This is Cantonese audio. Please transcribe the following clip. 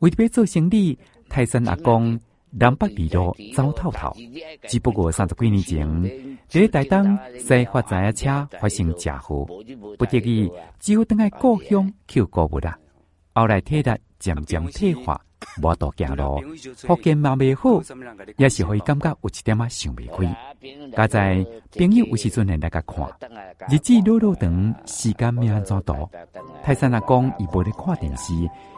為著要做生理，泰山阿公南北二路走透透。只不過三十幾年前，佇咧台東發財嘅車發生車禍，不得已只有等來故鄉撿購物啦。後來體力漸漸退化，無多行路，福建嘛未好，也是會感覺有一點啊想未開。家在朋友有時陣會嚟睇看日子攞攞長，時間命安怎度？泰山阿公伊冇嚟看電視。